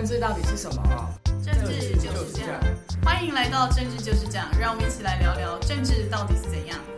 政治到底是什麼啊？政治就是這樣。歡迎來到《政治就是這樣》，讓我們一起來聊聊政治到底是怎樣。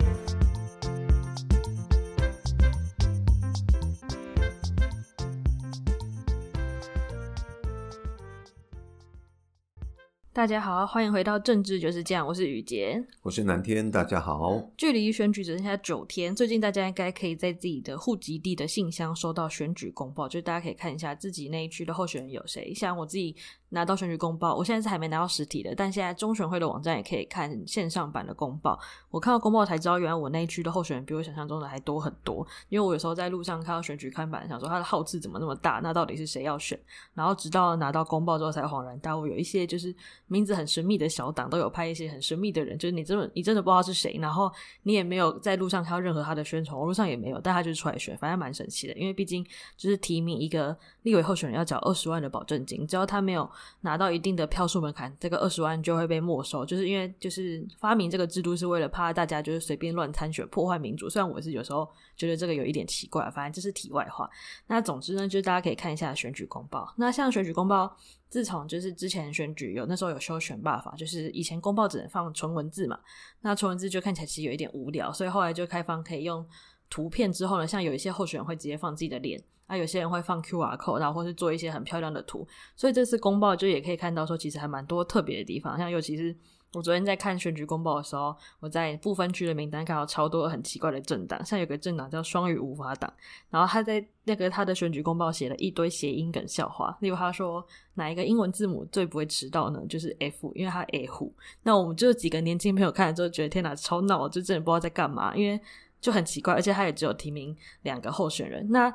大家好啊，歡迎回到《政治就是這樣》，我是雨潔，我是南天，大家好。距離選舉只剩下九天，最近大家應該可以在自己的戶籍地的信箱收到選舉公報，就是大家可以看一下自己那一區的候選人有誰，像我自己。拿到選舉公報，我現在是還沒拿到實體的，但現在中選會的網站也可以看線上版的公報。我看到公報才知道，原來我那一區的候選人比我想象中的還多很多。因為我有時候在路上看到選舉看板，想說他的號次怎麼那麼大？那到底是誰要選？然後直到拿到公報之後才恍然大悟，有一些就是名字很神秘的小黨都有派一些很神秘的人，就是你真的你真的不知道是誰，然後你也沒有在路上看到任何他的宣傳，我路上也沒有，但他就是出來選，反正蠻神奇的。因為畢竟就是提名一個立委候選人要繳二十萬的保證金，只要他沒有拿到一定的票數門檻，這個二十萬就會被沒收，就是因為就是發明這個制度是為了怕大家就是隨便亂參選，破壞民主。雖然我是有時候覺得這個有一點奇怪，反正這是題外話。那總之呢，就是大家可以看一下選舉公報。那像選舉公報，自從就是之前選舉有那時候有修選罷法，就是以前公報只能放純文字嘛，那純文字就看起來其實有一點無聊，所以後來就開放可以用圖片。之後呢，像有一些候選人會直接放自己的臉。那、啊、有些人會放 QR Code，然後或是做一些很漂亮的圖，所以這次公報就也可以看到說，其實還蠻多特別的地方。像尤其是我昨天在看選舉公報的時候，我在不分區的名單看到超多很奇怪的政黨，像有個政黨叫雙語無法黨，然後他在那個他的選舉公報寫了一堆諧音梗笑話，例如他說哪一個英文字母最不會遲到呢？就是 F，因為他 F。那我們就幾個年輕朋友看了之後，覺得天哪，超鬧，就真的不知道在幹嘛，因為就很奇怪，而且他也只有提名兩個候選人，那。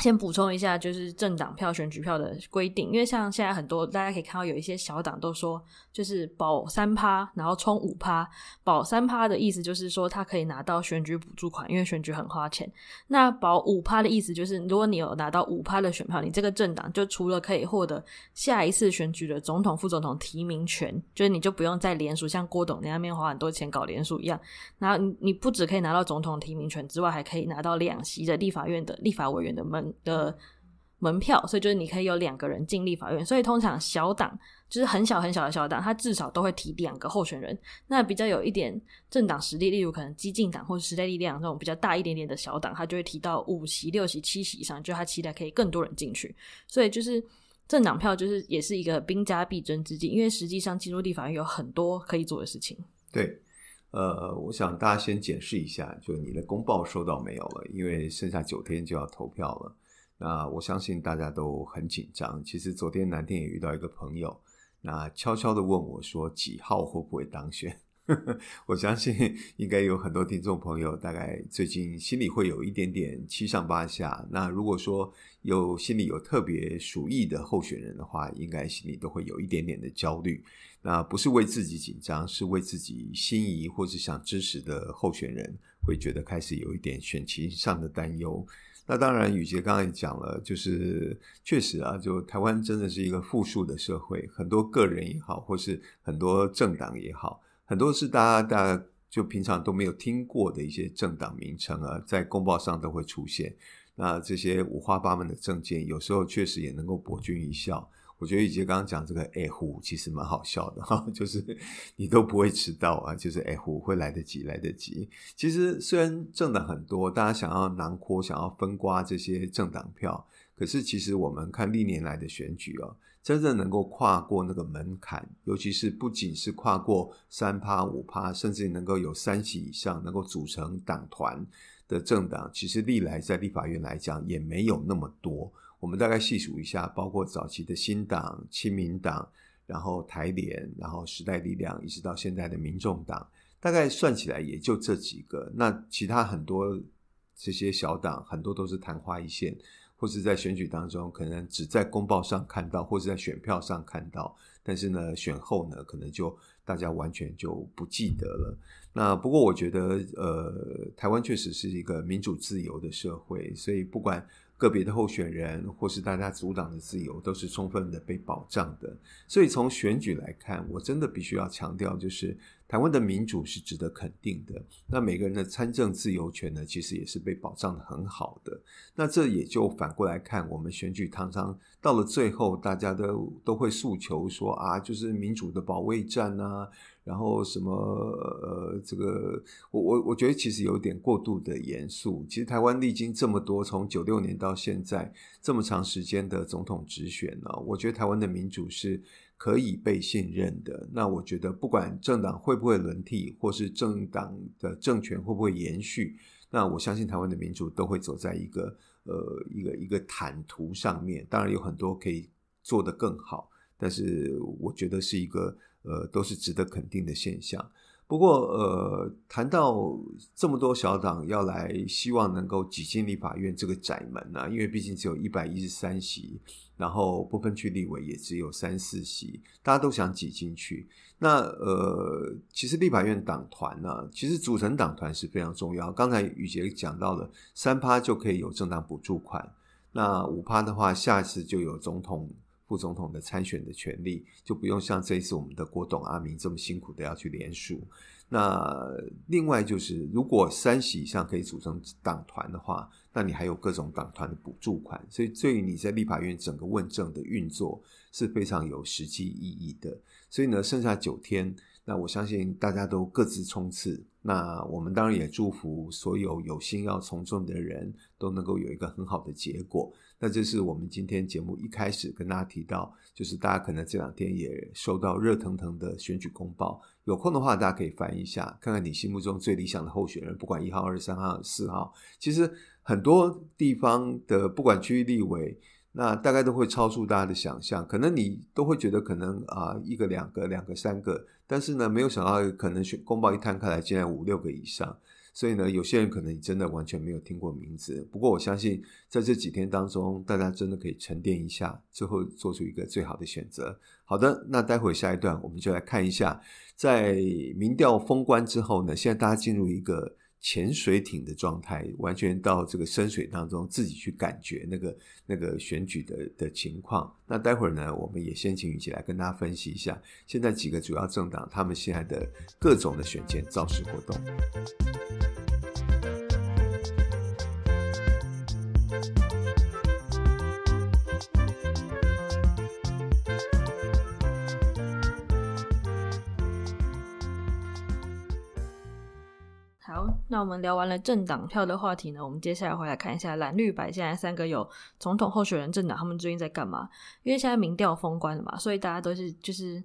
先補充一下，就是政黨票、選舉票的規定，因為像現在很多大家可以看到，有一些小黨都說就是保三趴，然後衝五趴。保三趴的意思就是說，他可以拿到選舉補助款，因為選舉很花錢。那保五趴的意思就是，如果你有拿到五趴的選票，你這個政黨就除了可以獲得下一次選舉的總統、副總統提名權，就是你就不用再連署，像郭董那邊花很多錢搞連署一樣。然後你不只可以拿到總統提名權之外，還可以拿到兩席的立法院的立法委員的門的門票，所以就是你可以有兩個人進立法院。所以通常小黨就是很小很小的小黨，他至少都會提兩個候選人。那比較有一點政黨實力，例如可能基進黨或者時代力量這種比較大一點點的小黨，他就會提到五席、六席、七席以上，就他期待可以更多人進去。所以就是政黨票就是也是一個兵家必爭之地，因為實際上進入立法院有很多可以做的事情。對。呃，我想大家先檢視一下，就你的公報收到沒有了？因為剩下九天就要投票了，那我相信大家都很緊張。其實昨天南天也遇到一個朋友，那悄悄地問我說，幾號會不會當選？ 我相信應該有很多聽眾朋友，大概最近心裡會有一點點七上八下。那如果說有心裡有特別屬意的候選人的話，應該心裡都會有一點點的焦慮。那不是為自己緊張，是為自己心儀或是想支持的候選人，會覺得開始有一點選情上的擔憂。那當然，宇杰剛才講了，就是確實啊，就台灣真的是一個富庶的社會，很多個人也好，或是很多政黨也好。很多是大家、大家就平常都沒有聽過的一些政黨名稱啊，在公報上都會出現。那這些五花八門的政見，有時候確實也能夠博君一笑。我覺得以前剛剛講這個“誒、欸、呼”，其實蠻好笑的哈、啊，就是你都不會遲到啊，就是“誒、欸、呼”會來得及、來得及。其實雖然政黨很多，大家想要囊括、想要分瓜這些政黨票。可是，其實我們看歷年來的選舉哦，真正能夠跨過那個門檻，尤其是不僅是跨過三趴五趴，甚至能夠有三席以上能夠組成黨團的政黨，其實歷來在立法院來講也沒有那麼多。我們大概細數一下，包括早期的新黨、親民黨，然後台聯，然後時代力量，一直到現在的民眾黨，大概算起來也就這幾個。那其他很多這些小黨，很多都是曇花一現。或是在選舉當中，可能只在公報上看到，或是在選票上看到，但是呢，選後呢，可能就大家完全就不記得了。那不過我覺得，呃，台灣確實是一個民主自由的社會，所以不管個別的候選人或是大家組黨的自由，都是充分的被保障的。所以從選舉來看，我真的必須要強調就是。台灣的民主是值得肯定的，那每個人的參政自由權呢，其實也是被保障的很好的。那這也就反過來看，我們選舉常常到了最後，大家都都會訴求說啊，就是民主的保衛戰啊。然後什麼呃，這個我我我覺得其實有一點過度的嚴肅。其實台灣歷經這麼多，從九六年到現在這麼長時間的總統直選呢，啊，我覺得台灣的民主是可以被信任的。那我覺得不管政黨會不會輪替，或是政黨的政權會不會延續，那我相信台灣的民主都會走在一個呃一個一個坦途上面。當然有很多可以做得更好，但是我覺得是一個。呃，都是值得肯定的現象。不過，呃，談到這麼多小黨要來，希望能夠擠進立法院這個窄門呢，啊，因為畢竟只有一百一十三席，然後不分區立委也只有三四席，大家都想擠進去。那呃，其實立法院黨團呢，其實組成黨團是非常重要。剛才宇杰講到了三趴就可以有政黨補助款，那五趴的話，下次就有總統副總統的參選的權利就不用像這一次我們的郭董阿明這麼辛苦的要去聯署。那另外就是，如果三席以上可以組成黨團的話，那你還有各種黨團的補助款，所以對於你在立法院整個問政的運作是非常有實際意義的。所以呢，剩下九天，那我相信大家都各自衝刺。那我們當然也祝福所有有心要從政的人都能夠有一個很好的結果。那這是我們今天節目一開始跟大家提到，就是大家可能這兩天也收到熱騰騰的選舉公報，有空的話大家可以翻一下，看看你心目中最理想的候選人，不管一號、二號、三號、四號，其實很多地方的不管區域立委，那大概都會超出大家的想象，可能你都會覺得可能啊呃、一個、兩個、兩個、三個，但是呢，沒有想到可能選公報一攤開來，竟然五六個以上。所以呢，有些人可能真的完全沒有聽過名字。不過我相信，在這幾天當中，大家真的可以沉澱一下，最後做出一個最好的選擇。好的，那待會下一段，我們就來看一下，在民調封關之後呢，現在大家進入一個。潛水艇的狀態，完全到這個深水當中，自己去感覺那個那個選舉的的情況。那待會兒呢，我們也先請雨傑來跟大家分析一下，現在幾個主要政黨他們現在的各種的選前造勢活動。那我們聊完了政黨票的話題呢，我們接下來回來看一下藍綠白現在三個有總統候選人政黨，他們最近在幹嘛？因為現在民調封關了嘛，所以大家都是就是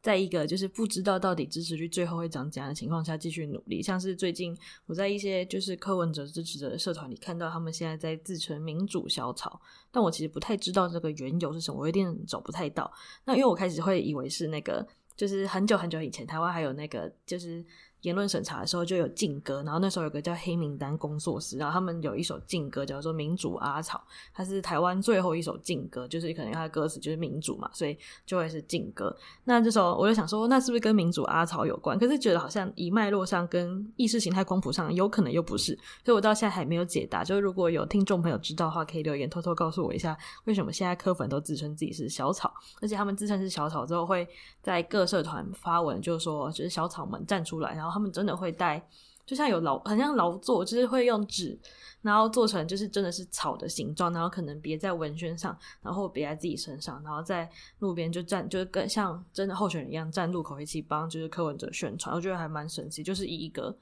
在一個就是不知道到底支持率最後會漲成怎樣的情況下繼續努力。像是最近我在一些就是柯文哲支持者的社團裡看到他們現在在自稱民主小草，但我其實不太知道這個緣由是什麼，我一定找不太到。那因為我開始會以為是那個就是很久很久以前台灣還有那個就是。言論審查的時候就有禁歌，然後那時候有個叫黑名單工作室，然後他們有一首禁歌，叫做《民主阿草》，它是台灣最後一首禁歌，就是可能它的歌詞就是民主嘛，所以就會是禁歌。那這時候我就想說，那是不是跟民主阿草有關？可是覺得好像一脈絡上跟意識形態光譜上有可能又不是，所以我到現在還沒有解答。就如果有聽眾朋友知道的話，可以留言偷偷告訴我一下，為什麼現在柯粉都自稱自己是小草，而且他們自稱是小草之後會在各社團發文，就是說，就是小草們站出來，然後他們真的會帶，就像有勞，很像勞作，就是會用紙，然後做成就是真的是草的形狀，然後可能別在文宣上，然後別在自己身上，然後在路邊就站，就是跟像真的候選人一樣站路口一起幫，就是柯文哲宣傳。我覺得還蠻神奇，就是以一個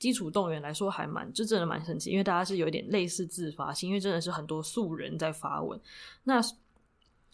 基礎動員來說還蠻，就真的蠻神奇，因為大家是有一點類似自發性，因為真的是很多素人在發文。那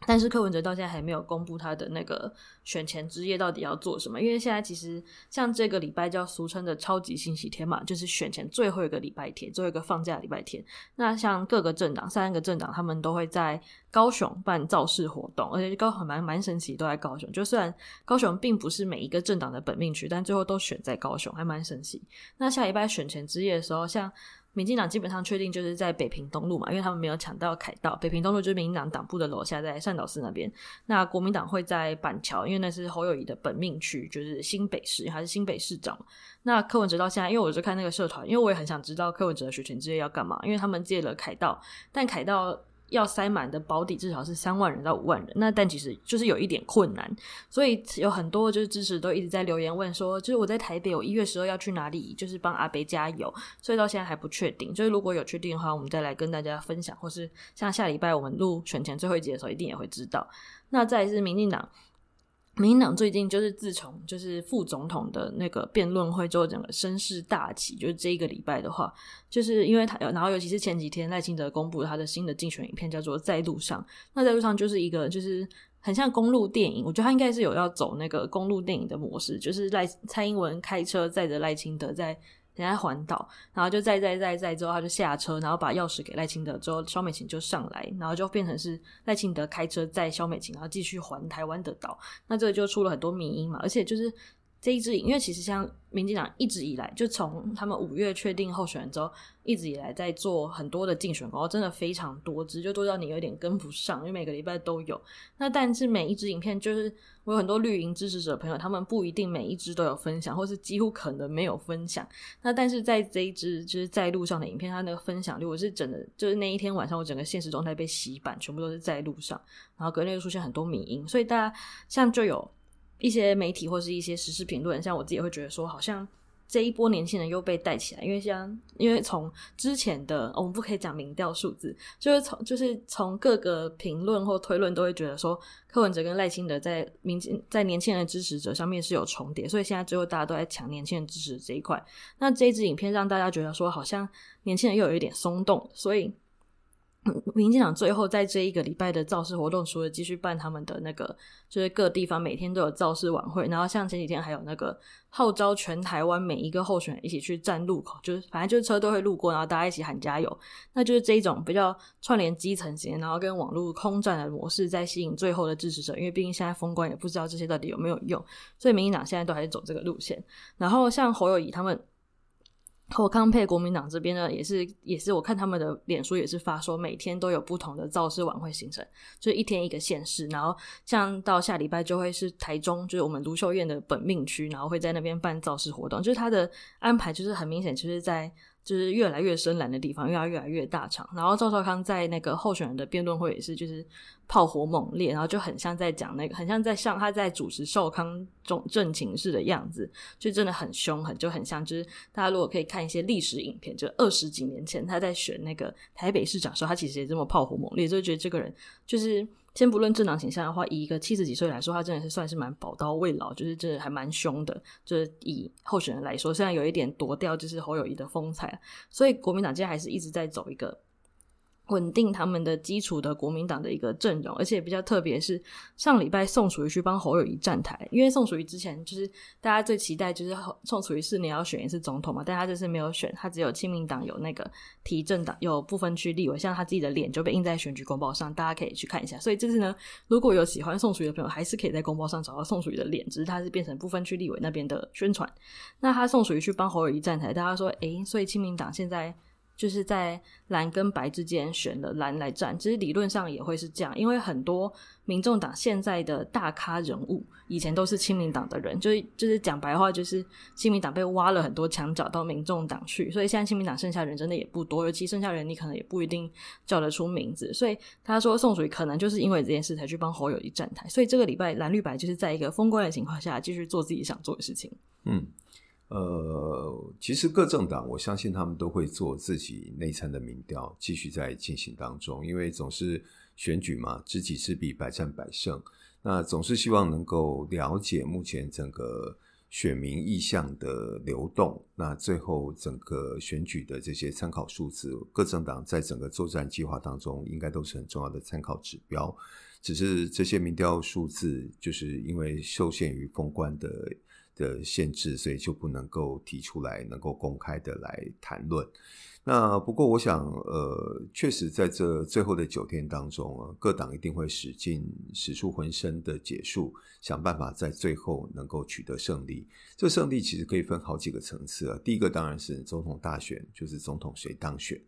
但是柯文哲到現在還沒有公布他的那個選前之夜到底要做什麼，因為現在其實像這個禮拜叫俗稱的超級星期天嘛，就是選前最後一個禮拜天，最後一個放假禮拜天。那像各個政黨，三個政黨他們都會在高雄辦造勢活動，而且高雄蠻蠻神奇，都在高雄。就雖然高雄並不是每一個政黨的本命區，但最後都選在高雄，還蠻神奇。那下禮拜選前之夜的時候，像。民進黨基本上確定就是在北平東路嘛，因為他們沒有搶到凱道。北平東路就是民進黨黨部的樓下，在善導寺那邊。那國民黨會在板橋，因為那是侯友宜的本命區，就是新北市還是新北市長。那柯文哲到現在，因為我就看那個社團，因為我也很想知道柯文哲的學權之業要幹嘛，因為他們借了凱道，但凱道。要塞滿的保底至少是三萬人到五萬人，那但其實就是有一點困難，所以有很多就是支持都一直在留言問說，就是我在台北我一月十二要去哪裡，就是幫阿北加油，所以到現在還不確定，就是如果有確定的話，我們再來跟大家分享，或是像下禮拜我們錄選前最後一集的時候，一定也會知道。那再來是民進黨。民進黨最近就是自從就是副總統的那個辯論會之後，整個聲勢大起。就是這一個禮拜的話，就是因為他有，然後尤其是前幾天賴清德公布他的新的競選影片，叫做《在路上》。那《在路上》就是一個就是很像公路電影，我覺得他應該是有要走那個公路電影的模式，就是賴蔡英文開車載着賴清德在。人家環島，然後就載、載、載、載，之後他就下車，然後把鑰匙給賴清德，之後蕭美琴就上來，然後就變成是賴清德開車載蕭美琴，然後繼續環台灣的島。那這個就出了很多迷因嘛，而且就是。這一支，因為其實像民進黨一直以來，就從他們五月確定候選人之後，一直以來在做很多的競選廣告，真的非常多支，就多到你有點跟不上，因為每個禮拜都有。那但是每一支影片，就是我有很多綠營支持者朋友，他們不一定每一支都有分享，或是幾乎可能沒有分享。那但是在這一支就是在路上的影片，它的分享率我是整的，就是那一天晚上我整個現實狀態被洗版，全部都是在路上，然後隔天又出現很多迷因，所以大家像就有，一些媒體或是一些時事評論，像我自己會覺得說，好像這一波年輕人又被帶起來，因為像因為從之前的、哦、我們不可以講民調數字，就是從就是從各個評論或推論都會覺得說，柯文哲跟賴清德在明，在年輕人的支持者上面是有重疊，所以現在最後大家都在搶年輕人支持的這一塊。那這一支影片讓大家覺得說，好像年輕人又有一點鬆動，所以。民進黨最後在這一個禮拜的造勢活動，除了繼續辦他們的那個，就是各地方每天都有造勢晚會，然後像前幾天還有那個號召全台灣每一個候選人一起去站路口，就是反正就是車都會路過，然後大家一起喊加油，那就是這一種比較串聯基層型，然後跟網路空戰的模式在吸引最後的支持者，因為畢竟現在封關也不知道這些到底有沒有用，所以民進黨現在都還是走這個路線。然後像侯友宜他們。侯康配國民黨這邊呢，也是也是，我看他們的臉書也是發說，每天都有不同的造勢晚會行程，就是一天一個縣市，然後像到下禮拜就會是台中，就是我們盧秀燕的本命區，然後會在那邊辦造勢活動，就是他的安排，就是很明顯，就是在。就是越來越深藍的地方，越來越來越大場。然後趙少康在那個候選人的辯論會也是，就是炮火猛烈，然後就很像在講那個，很像在像他在主持少康戰情室的樣子，就真的很凶狠，就很像就是大家如果可以看一些歷史影片，就二十幾年前他在選那個台北市長的時候，他其實也這麼炮火猛烈，就覺得這個人就是。先不論政黨形象的話，以一個七十幾歲來說，他真的是算是蠻寶刀未老，就是真的還蠻兇的。就是以候選人來說，現在有一點奪掉就是侯友宜的風采，所以國民黨現在還是一直在走一個。穩定他們的基礎的國民黨的一個陣容，而且比較特別是上禮拜宋楚瑜去幫侯友宜站台，因為宋楚瑜之前就是大家最期待，就是宋楚瑜四年要選一次總統嘛，但他這次沒有選，他只有親民黨有那個提政黨有不分區立委，像他自己的臉就被印在選舉公報上，大家可以去看一下。所以這次呢，如果有喜歡宋楚瑜的朋友，還是可以在公報上找到宋楚瑜的臉，只是他是變成不分區立委那邊的宣傳。那他宋楚瑜去幫侯友宜站台，大家說，誒、欸，所以親民黨現在。就是在藍跟白之間選了藍來站，其實理論上也會是這樣，因為很多民眾黨現在的大咖人物，以前都是親民黨的人，就是就是講白話就是親民黨被挖了很多牆角到民眾黨去，所以現在親民黨剩下人真的也不多，尤其剩下人你可能也不一定叫得出名字，所以他說宋楚瑜可能就是因為這件事才去幫侯友宜站台，所以這個禮拜藍綠白就是在一個封關的情況下繼續做自己想做的事情，嗯。呃，其實各政黨，我相信他們都會做自己內參的民調，繼續在進行當中。因為總是選舉嘛，知己知彼，百戰百勝。那總是希望能夠了解目前整個選民意向的流動，那最後整個選舉的這些參考數字，各政黨在整個作戰計劃當中，應該都是很重要的參考指標。只是這些民調數字，就是因為受限於封關的。的限制，所以就不能夠提出來，能夠公開的來談論。那不過，我想，呃，確實在這最後的九天當中，各黨一定會使盡使出渾身的解數，想辦法在最後能夠取得勝利。這勝利其實可以分好幾個層次啊。第一個當然是總統大選，就是總統誰當選。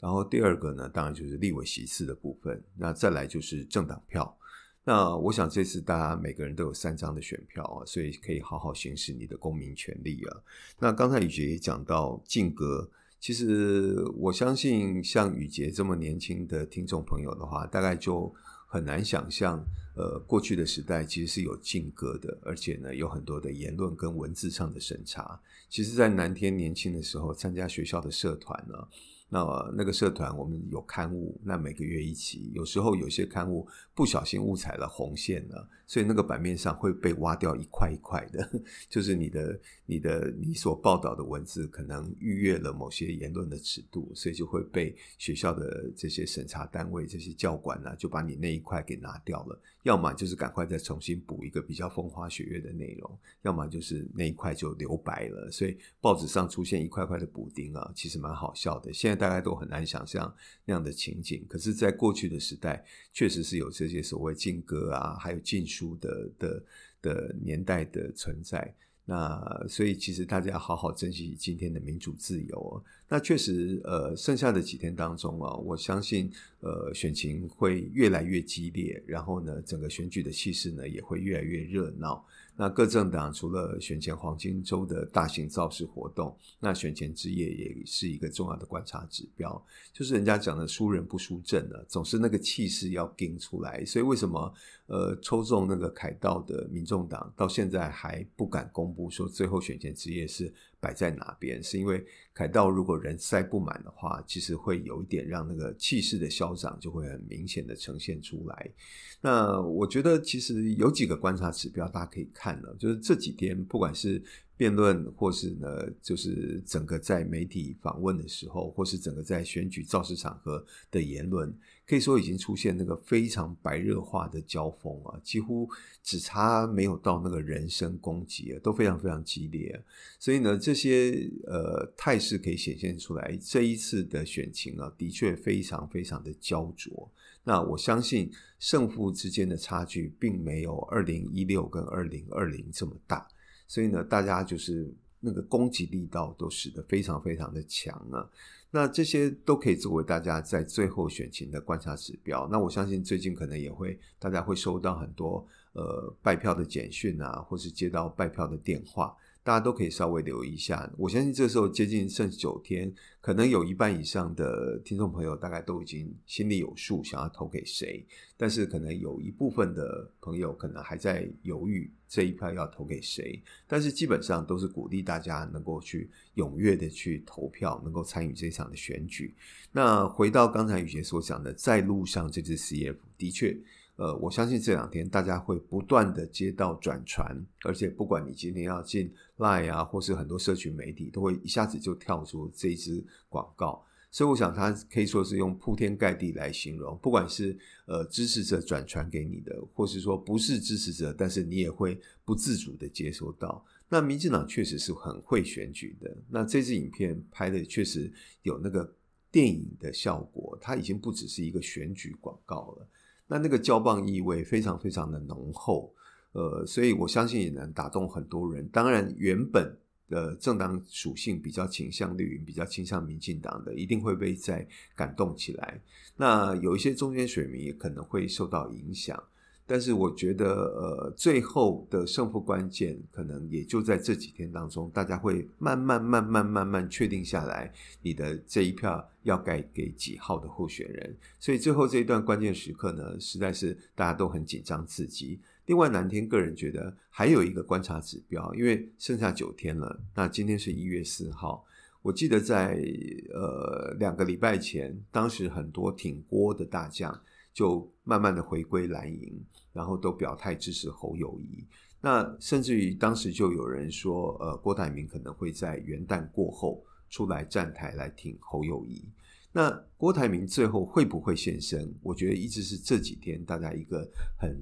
然後第二個呢，當然就是立委席次的部分。那再來就是政黨票。那我想這次大家每個人都有三張的選票啊，所以可以好好行使你的公民權利啊。那剛才雨潔也講到禁歌，其實我相信像雨潔這麼年輕的聽眾朋友的話，大概就很難想象呃，過去的時代其實是有禁歌的，而且呢，有很多的言論跟文字上的審查。其實，在南天年輕的時候，參加學校的社團呢、啊。那那個社團我們有刊物，那每個月一期，有時候有些刊物不小心誤踩了紅線了啊，所以那個版面上會被挖掉一塊一塊的，就是你的你的你所報道的文字可能逾越了某些言論的尺度，所以就會被學校的這些審查單位、這些教官啊，就把你那一塊給拿掉了。要麼就是趕快再重新補一個比較風花雪月的內容，要麼就是那一塊就留白了。所以報紙上出現一塊塊的補丁啊，其實蠻好笑的。現在。大家都很難想象那樣的情景，可是，在過去的時代，確實是有這些所謂禁歌啊，還有禁書的的的年代的存在。那所以，其實大家要好好珍惜今天的民主自由哦。那確實，呃，剩下的幾天當中啊，我相信，呃，選情會越來越激烈，然後呢，整個選舉的氣勢呢，也會越來越熱鬧。那各政黨除了選前黃金周的大型造勢活動，那選前之夜也是一個重要的觀察指標。就是人家講的輸人不輸陣了，總是那個氣勢要撐出來。所以為什麼？呃，抽中那個凱道的民眾黨到現在還不敢公布說，最後選前之夜是擺在哪邊，是因為凱道如果人塞不滿的話，其實會有一點讓那個氣勢的消長就會很明顯的呈現出來。那我覺得其實有幾個觀察指標大家可以看了，就是這幾天不管是辯論或是呢，就是整個在媒體訪問的時候，或是整個在選舉造勢場合的言論。可以說已經出現那個非常白熱化的交鋒啊，幾乎只差沒有到那個人身攻擊啊，都非常非常激烈啊。所以呢，這些呃態勢可以顯現出來，這一次的選情啊，的確非常非常的焦灼。那我相信勝負之間的差距並沒有二零一六跟二零二零這麼大，所以呢，大家就是那個攻擊力道都使得非常非常的強啊。那這些都可以作為大家在最後選情的觀察指標。那我相信最近可能也會，大家會收到很多呃拜票的簡訊啊，或是接到拜票的電話，大家都可以稍微留意一下。我相信這時候接近剩九天，可能有一半以上的聽眾朋友大概都已經心裡有數，想要投給誰，但是可能有一部分的朋友可能還在猶豫。這一票要投給誰？但是基本上都是鼓勵大家能夠去踴躍的去投票，能夠參與這場的選舉。那回到剛才宇杰所講的，在路上這支 CF，的確，呃，我相信這兩天大家會不斷的接到轉傳，而且不管你今天要進 Line 啊，或是很多社群媒體，都會一下子就跳出這支廣告。所以，我想他可以說是用鋪天蓋地來形容，不管是呃支持者轉傳給你的，或是說不是支持者，但是你也會不自主地接收到。那民進黨確實是很會選舉的，那這支影片拍的確實有那個電影的效果，它已經不只是一個選舉廣告了，那那個交棒意味非常非常的濃厚，呃，所以我相信也能打動很多人。當然，原本。的政黨屬性比較傾向綠營，比較傾向民進黨的，一定會被再感動起來。那有一些中間選民也可能會受到影響，但是我覺得，呃，最後的勝負關鍵可能也就在這幾天當中，大家會慢慢慢慢慢慢確定下來，你的這一票要蓋給幾號的候選人。所以最後這一段關鍵時刻呢，實在是大家都很緊張刺激。另外，南天個人覺得還有一個觀察指標，因為剩下九天了。那今天是一月四號，我記得在呃兩個禮拜前，當時很多挺郭的大將就慢慢的回歸藍營，然後都表態支持侯友宜。那甚至於當時就有人說，呃，郭台銘可能會在元旦過後出來站台來挺侯友宜。那郭台銘最後會不會現身？我覺得一直是這幾天大家一個很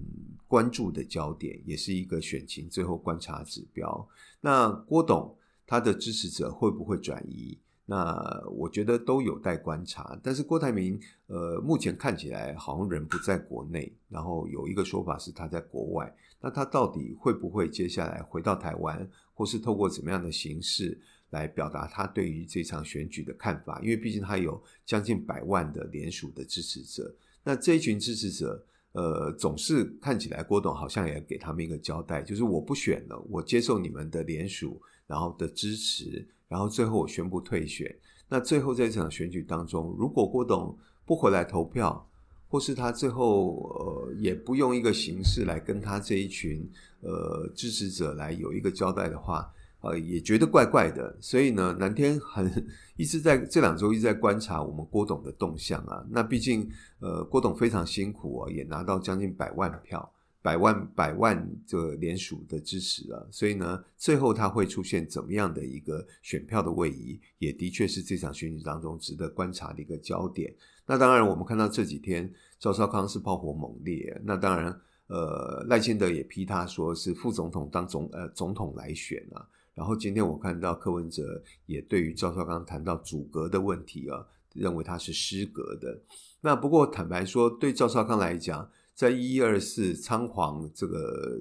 關注的焦點，也是一個選情最後觀察指標。那郭董他的支持者會不會轉移？那我覺得都有待觀察。但是郭台銘，呃，目前看起來好像人不在國內，然後有一個說法是他在國外。那他到底會不會接下來回到台灣，或是透過怎麼樣的形式？來表達他對於這場選舉的看法，因為畢竟他有將近百萬的聯署的支持者。那這一群支持者，呃，總是看起來郭董好像也給他們一個交代，就是我不選了，我接受你們的聯署，然後的支持，然後最後我宣布退選。那最後在這場選舉當中，如果郭董不回來投票，或是他最後，呃，也不用一個形式來跟他這一群，呃，支持者來有一個交代的話。呃，也覺得怪怪的，所以呢，藍天很一直在這兩周一直在觀察我們郭董的動向啊。那畢竟，呃，郭董非常辛苦啊，哦，也拿到將近百萬票，百萬、百萬這聯署的支持啊。所以呢，最後他會出現怎麼樣的一個選票的位移，也的確是這場選舉當中值得觀察的一個焦點。那當然，我們看到這幾天趙少康是炮火猛烈，那當然，呃，賴清德也批他說是副總統當總呃總統來選啊。然後今天我看到柯文哲也對於趙少康談到組閣的問題啊，認為他是失格的。那不過坦白說，對趙少康來講，在一一二四倉皇這個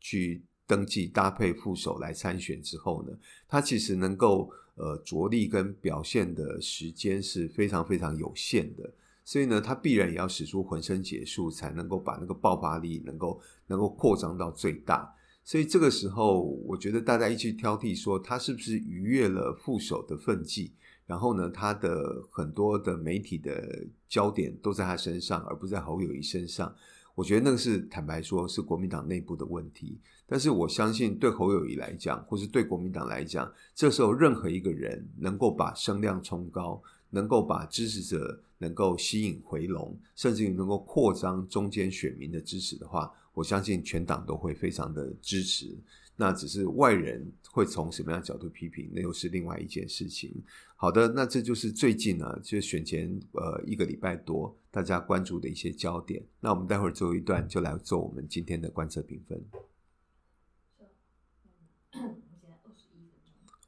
去登記搭配副手來參選之後呢，他其實能夠呃着力跟表現的時間是非常非常有限的，所以呢，他必然也要使出渾身解數，才能夠把那個爆發力能夠能夠擴張到最大。所以這個時候，我覺得大家一起挑剔說他是不是逾越了副手的份際，然後呢，他的很多的媒體的焦點都在他身上，而不是在侯友宜身上。我覺得那個是坦白說，是國民黨內部的問題。但是我相信，對侯友宜來講，或是對國民黨來講，這時候任何一個人能夠把聲量衝高，能夠把支持者能夠吸引回籠，甚至於能夠擴張中間選民的支持的話。我相信全黨都會非常的支持，那只是外人會從什麼樣的角度批評，那又是另外一件事情。好的，那這就是最近呢、啊，就選前呃一個禮拜多，大家關注的一些焦點。那我們待會兒做一段，就來做我們今天的觀測評分。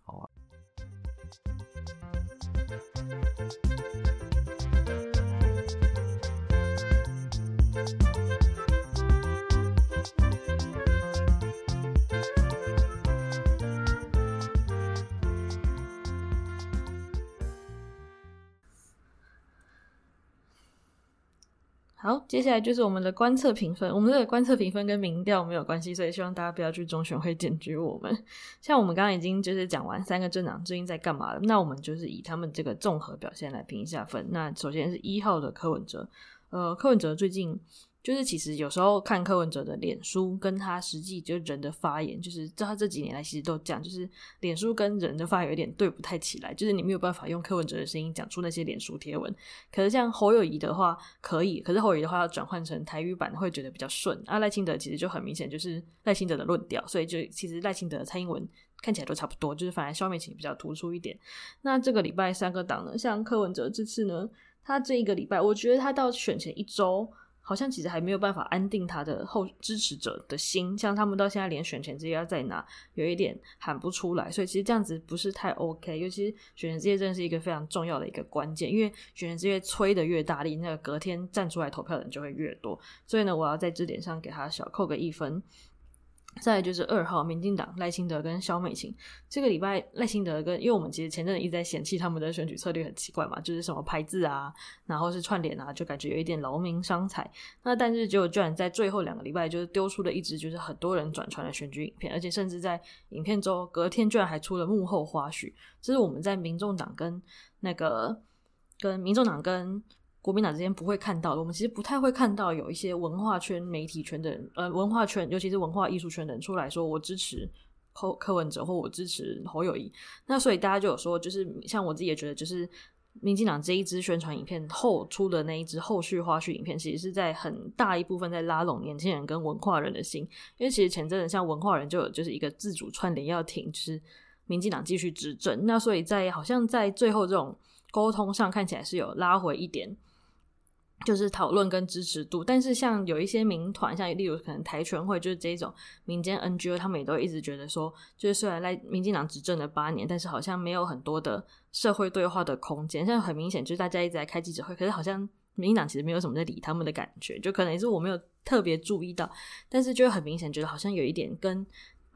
好啊。好，接下來就是我們的觀測評分。我們的觀測評分跟民調沒有關係，所以希望大家不要去中選會檢舉我們。像我們剛剛已經就是講完三個政黨最近在幹嘛了，那我們就是以他們這個綜合表現來評一下分。那首先是一號的柯文哲，呃，柯文哲最近。就是其實有時候看柯文哲的臉書，跟他實際就人的發言，就是這他這幾年來其實都講就是臉書跟人的發言有點對不太起來，就是你沒有辦法用柯文哲的聲音講出那些臉書貼文。可是像侯友宜的話可以，可是侯友宜的話要轉換成台語版會覺得比較順。啊，賴清德其實就很明顯就是賴清德的論調，所以就其實賴清德、蔡英文看起來都差不多，就是反而蕭美琴比較突出一點。那這個禮拜三個黨呢，像柯文哲這次呢，他這一個禮拜，我覺得他到選前一週。好像其實還沒有辦法安定他的後支持者的心，像他們到現在連選前之夜要在哪，有一點喊不出來，所以其實這樣子不是太 OK。尤其是選前之夜，真的是一個非常重要的一個關鍵，因為選前之夜催得越大力，那個隔天站出來投票的人就會越多。所以呢，我要在這點上給他小扣個一分。再來就是二號，民進黨賴清德跟蕭美琴。這個禮拜，賴清德跟，因為我們其實前陣子一直在嫌棄他們的選舉策略很奇怪嘛，就是什麼拍字啊，然後是串聯啊，就感覺有一點勞民傷財。那但是，就居然在最後兩個禮拜，就是丟出了一支就是很多人轉傳的選舉影片，而且甚至在影片中隔天居然還出了幕後花絮。這是我們在民眾黨跟那個跟民眾黨跟。國民黨之前不會看到的。我們其實不太會看到有一些文化圈、媒體圈的人，呃，文化圈，尤其是文化藝術圈的人出來說，我支持後柯文哲，或我支持侯友宜。那所以大家就有說，就是像我自己也覺得，就是民進黨這一支宣傳影片後出的那一支後續花絮影片，其實是在很大一部分在拉攏年輕人跟文化人的心，因為其實前陣子像文化人就有就是一個自主串聯要停止、就是、民進黨繼續執政。那所以在好像在最後這種溝通上，看起來是有拉回一點。就是討論跟支持度，但是像有一些民團，像例如可能台權會，就是這種民間 NGO，他們也都一直覺得說，就是雖然在民進黨執政了八年，但是好像沒有很多的社會對話的空間。像很明顯，就是大家一直在開記者會，可是好像民進黨其實沒有什麼在理他們的感覺，就可能也是我沒有特別注意到，但是就很明顯覺得好像有一點跟。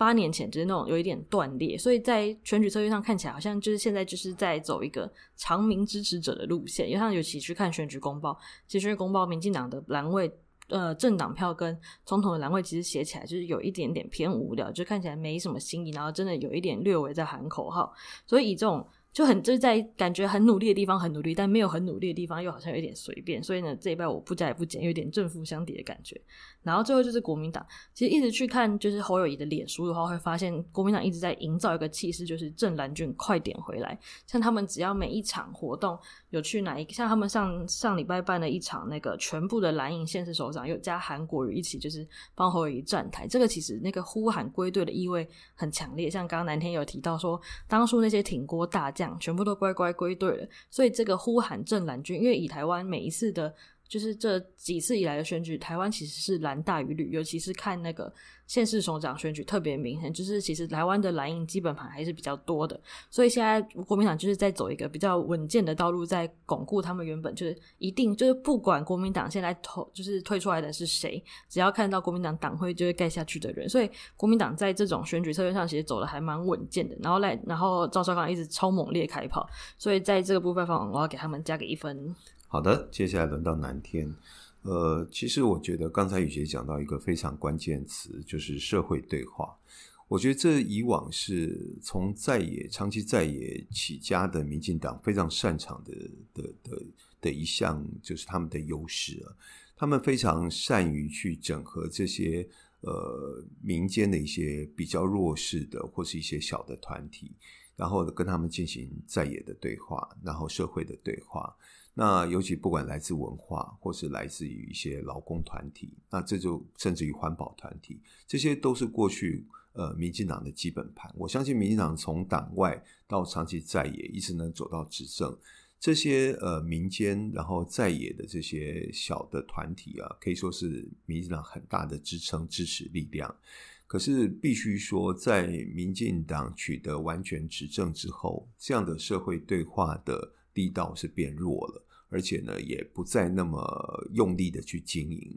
八年前就是那種有一點斷裂，所以在選舉策略上看起來好像就是現在就是在走一個長民支持者的路線。因為像尤其去看選舉公報，其實公報民進黨的欄位，呃，政黨票跟總統的欄位其實寫起來就是有一點點偏無聊，就看起來沒什麼新意，然後真的有一點略微在喊口號，所以以這種。就很就是在，感覺很努力的地方很努力，但沒有很努力的地方又好像有點隨便，所以呢這一拜我不加也不減，有點正負相抵的感覺。然後最後就是國民黨，其實一直去看就是侯友宜的臉書的話，會發現國民黨一直在營造一個氣勢，就是正藍軍快點回來，像他們只要每一場活動。有去哪一像他們上上禮拜辦了一場那個全部的藍營縣市首長，又加韓國瑜一起就是幫侯友宜站台，這個其實那個呼喊歸隊的意味很強烈。像剛剛南天有提到說，當初那些挺郭大將全部都乖乖歸隊了，所以這個呼喊正藍軍，因為以台灣每一次的。就是這幾次以來的選舉，台灣其實是藍大於綠，尤其是看那個縣市首長選舉特別明顯。就是其實台灣的藍營基本盤還是比較多的，所以現在國民黨就是在走一個比較穩健的道路，在鞏固他們原本，就是一定，就是不管國民黨現在投，就是退出來的是誰，只要看到國民黨黨會就會蓋下去的人。所以國民黨在這種選舉策略上，其實走的還蠻穩健的。然後來，然後趙少康一直超猛烈開跑，所以在這個部分上，我要給他們加個一分。好的，接下來輪到南天。呃，其實我覺得剛才宇杰講到一個非常關鍵詞，就是社會對話。我覺得這以往是從在野、長期在野起家的民進黨非常擅長的的的的一項，就是他們的優勢啊。他們非常善於去整合這些呃民間的一些比較弱勢的，或是一些小的團體，然後跟他們進行在野的對話，然後社會的對話。那尤其不管來自文化，或是來自於一些勞工團體，那這就甚至於環保團體，這些都是過去呃民進黨的基本盤。我相信民進黨從黨外到長期在野，一直能走到執政，這些呃民間然後在野的這些小的團體啊，可以說是民進黨很大的支撐支持力量。可是必須說，在民進黨取得完全執政之後，這樣的社會對話的力道是變弱了，而且呢，也不再那麼用力的去經營。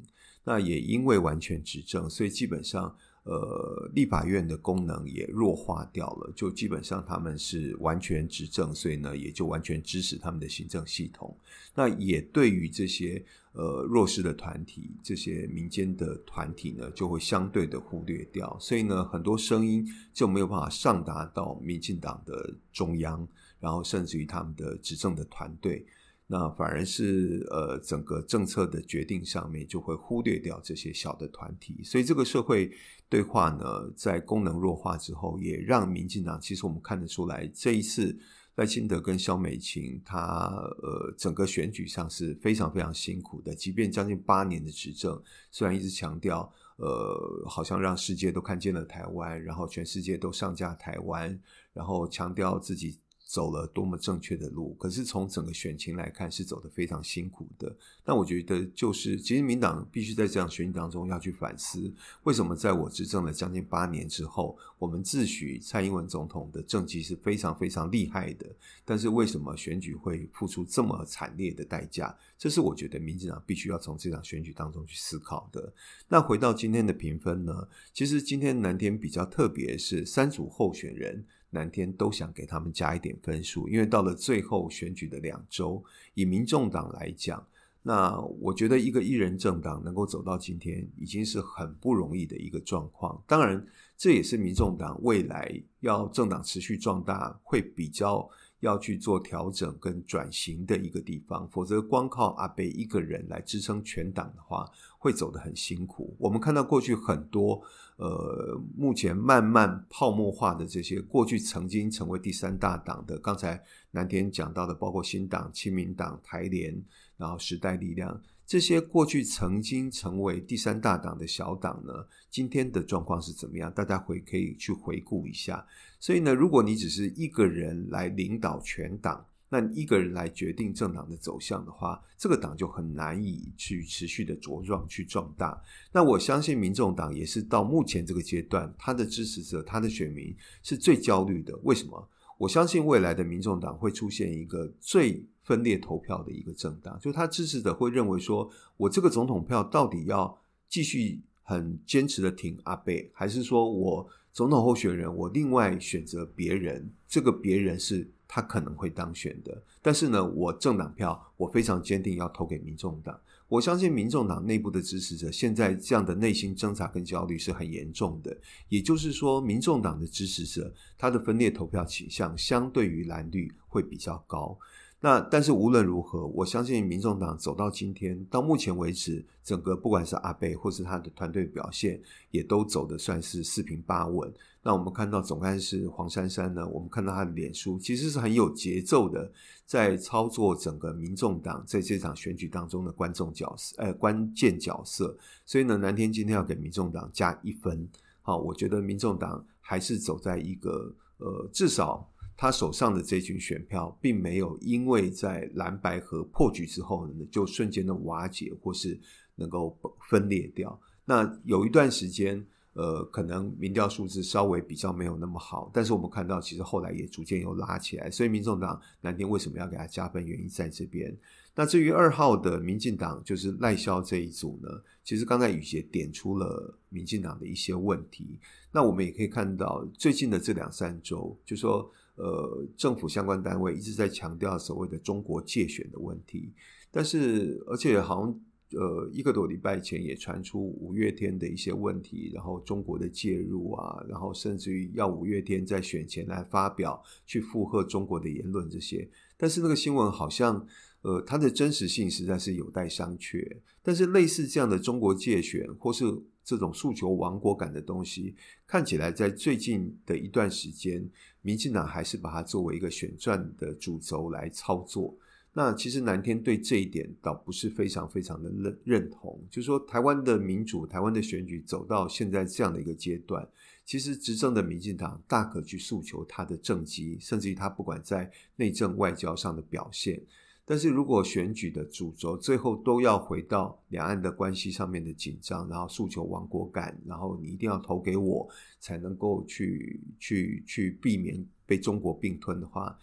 那也因為完全執政，所以基本上，呃，立法院的功能也弱化掉了。就基本上他們是完全執政，所以呢，也就完全支持他們的行政系統。那也對於這些呃弱勢的團體、這些民間的團體呢，就會相對的忽略掉。所以呢，很多聲音就沒有辦法上達到民進黨的中央。然後甚至於他們的執政的團隊，那反而是呃整個政策的決定上面就會忽略掉這些小的團體，所以這個社會對話呢，在功能弱化之後，也讓民進黨，其實我們看得出來，這一次賴清德跟蕭美琴他呃整個選舉上是非常非常辛苦的，即便將近八年的執政，雖然一直強調呃好像讓世界都看見了台灣，然後全世界都上架台灣，然後強調自己。走了多麼正確的路，可是從整個選情來看，是走得非常辛苦的。那我覺得，就是其實民進黨必須在這場選舉當中要去反思，為什麼在我執政了將近八年之後，我們自詡蔡英文總統的政績是非常非常厲害的，但是為什麼選舉會付出這麼慘烈的代價？這是我覺得民進黨必須要從這場選舉當中去思考的。那回到今天的評分呢？其實今天難題比較特別，是三組候選人。南天都想給他們加一點分數，因為到了最後選舉的兩周，以民眾黨來講，那我覺得一個一人政黨能夠走到今天，已經是很不容易的一個狀況。當然，這也是民眾黨未來要政黨持續壯大，會比較要去做調整跟轉型的一個地方。否則，光靠阿伯一個人來支撐全黨的話，會走得很辛苦。我們看到過去很多。呃，目前慢慢泡沫化的這些，過去曾經成為第三大黨的，剛才南田講到的，包括新黨、親民黨、台聯，然後時代力量這些過去曾經成為第三大黨的小黨呢，今天的狀況是怎麼樣？大家回可以去回顧一下。所以呢，如果你只是一個人來領導全黨。那你一個人來決定政黨的走向的話，這個黨就很難以去持、持續的茁壯、去壯大。那我相信民眾黨也是到目前這個階段，他的支持者、他的選民是最焦慮的。為什麼？我相信未來的民眾黨會出現一個最分裂投票的一個政黨，就他支持者會認為說，我這個總統票到底要繼續很堅持的挺阿北，還是說我總統候選人我另外選擇別人？這個別人是。他可能會當選的，但是呢，我政黨票我非常堅定要投給民眾黨。我相信民眾黨內部的支持者現在這樣的內心掙扎跟焦慮是很嚴重的，也就是說，民眾黨的支持者他的分裂投票傾向相對於藍綠會比較高。那但是無論如何，我相信民眾黨走到今天，到目前為止，整個不管是阿北或是他的團隊表現，也都走的算是四平八穩。那我們看到總幹事黃珊珊呢，我們看到他的臉書，其實是很有節奏的在操作整個民眾黨在這場選舉當中的觀眾角色，呃、哎，關鍵角色。所以呢，藍天今天要給民眾黨加一分。好，我覺得民眾黨還是走在一個呃至少。他手上的這群選票，並沒有因為在藍白合破局之後呢，就瞬間的瓦解或是能夠分裂掉。那有一段時間，呃，可能民調數字稍微比較沒有那麼好，但是我們看到，其實後來也逐漸又拉起來。所以，民眾黨南天為什麼要給他加分？原因在這邊。那至於二號的民進黨，就是賴蕭這一組呢，其實剛才雨姐點出了民進黨的一些問題。那我們也可以看到，最近的這兩三週，就說。呃，政府相關單位一直在強調所謂的中國介選的問題，但是而且好像呃一個多禮拜前也傳出五月天的一些問題，然後中國的介入啊，然後甚至於要五月天在選前來發表去附和中國的言論這些，但是那個新聞好像呃它的真實性實在是有待商榷。但是類似這樣的中國介選或是這種訴求亡國感的東西，看起來在最近的一段時間。民進黨還是把它作為一個選戰的主軸來操作。那其實南天對這一點倒不是非常非常的認認同，就是說台灣的民主、台灣的選舉走到現在這樣的一個階段，其實執政的民進黨大可去訴求他的政績，甚至於他不管在內政外交上的表現。但是如果選舉的主軸最後都要回到兩岸的關係上面的緊張，然後訴求亡國感，然後你一定要投給我才能夠去去去避免被中國併吞的話，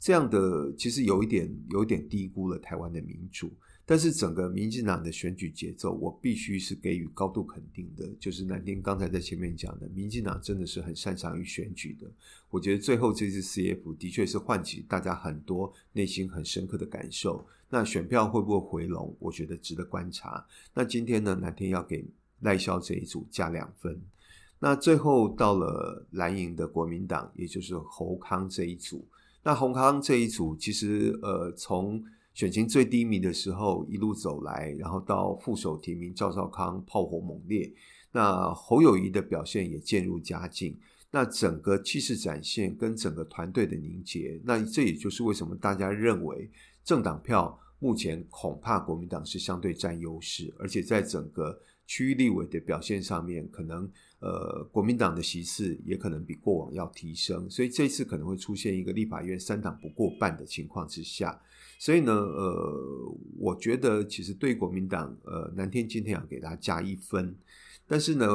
這樣的其實有一點有一點低估了台灣的民主。但是整個民進黨的選舉節奏，我必須是給予高度肯定的。就是南天剛才在前面講的，民進黨真的是很擅長於選舉的。我覺得最後這次 CF 的確是喚起大家很多內心很深刻的感受。那選票會不會回籠？我覺得值得觀察。那今天呢，南天要給賴蕭這一組加兩分。那最後到了藍營的國民黨，也就是侯康這一組。那侯康這一組其實呃從。選情最低迷的時候，一路走來，然後到副手提名趙少康炮火猛烈，那侯友宜的表現也漸入佳境。那整個氣勢展現跟整個團隊的凝結，那這也就是為什麼大家認為政黨票目前恐怕國民黨是相對占優勢，而且在整個區域立委的表現上面，可能呃國民黨的席次也可能比過往要提升，所以這次可能會出現一個立法院三黨不過半的情況之下。所以呢，呃，我覺得其實對國民黨，呃，南天今天要給他加一分，但是呢，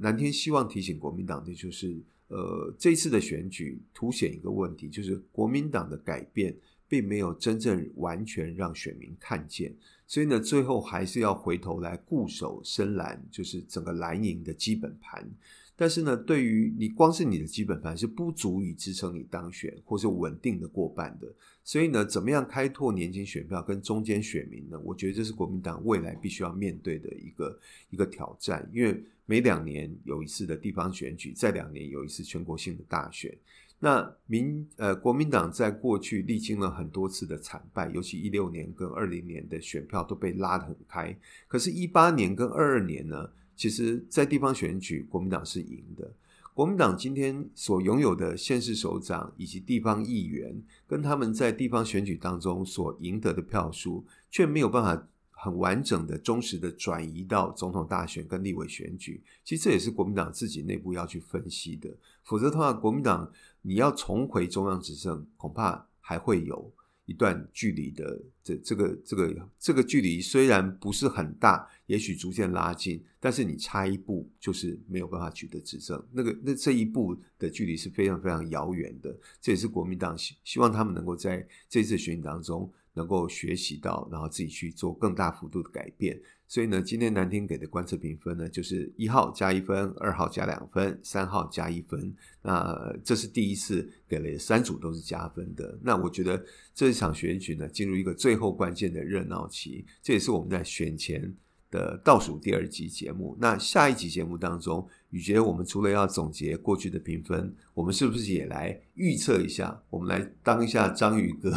南天希望提醒國民黨的就是，呃，這次的選舉凸顯一個問題，就是國民黨的改變並沒有真正完全讓選民看見，所以呢，最後還是要回頭來固守深藍，就是整個藍營的基本盤。但是呢，對於你光是你的基本盤是不足以支撐你當選或是穩定的過半的，所以呢，怎麼樣開拓年輕選票跟中間選民呢？我覺得這是國民黨未來必須要面對的一個一個挑戰。因為每兩年有一次的地方選舉，再兩年有一次全國性的大選。那民，呃，國民黨在過去歷經了很多次的慘敗，尤其一六年跟二零年的選票都被拉得很開，可是，一八年跟二二年呢？其實，在地方選舉，國民黨是贏的。國民黨今天所擁有的縣市首長以及地方議員，跟他們在地方選舉當中所贏得的票數，卻沒有辦法很完整的、忠實的轉移到總統大選跟立委選舉。其實這也是國民黨自己內部要去分析的。否則的話，國民黨你要重回中央執政，恐怕還會有一段距離的。這這個這個這個距離雖然不是很大。也許逐漸拉近，但是你差一步就是沒有辦法取得執政。那個那這一步的距離是非常非常遙遠的。這也是國民黨希希望他們能夠在這次選舉當中能夠學習到，然後自己去做更大幅度的改變。所以呢，今天南天給的觀測評分呢，就是一號加一分，二號加兩分，三號加一分。那這是第一次給了三組都是加分的。那我覺得這一場選舉呢，進入一個最後關鍵的熱鬧期，這也是我們在選前。的倒數第二集節目，那下一集節目當中，宇杰我們除了要總結過去的評分，我們是不是也來預測一下？我們來當一下章魚哥，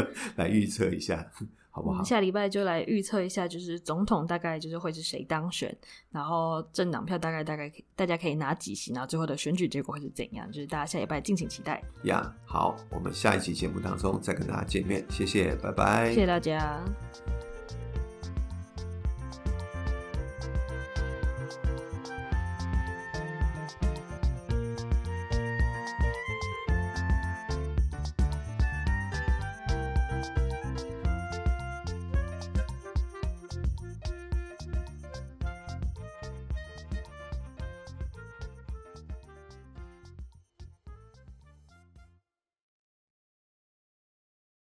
來預測一下，好不好？ 下禮拜就來預測一下，就是總統大概就是會是誰當選，然後政黨票大概大概大家可以拿幾席，然後最後的選舉結果會是怎樣？就是大家下禮拜敬請期待。Yeah, 好，我們下一集節目當中再跟大家見面，謝謝，拜拜，謝謝大家。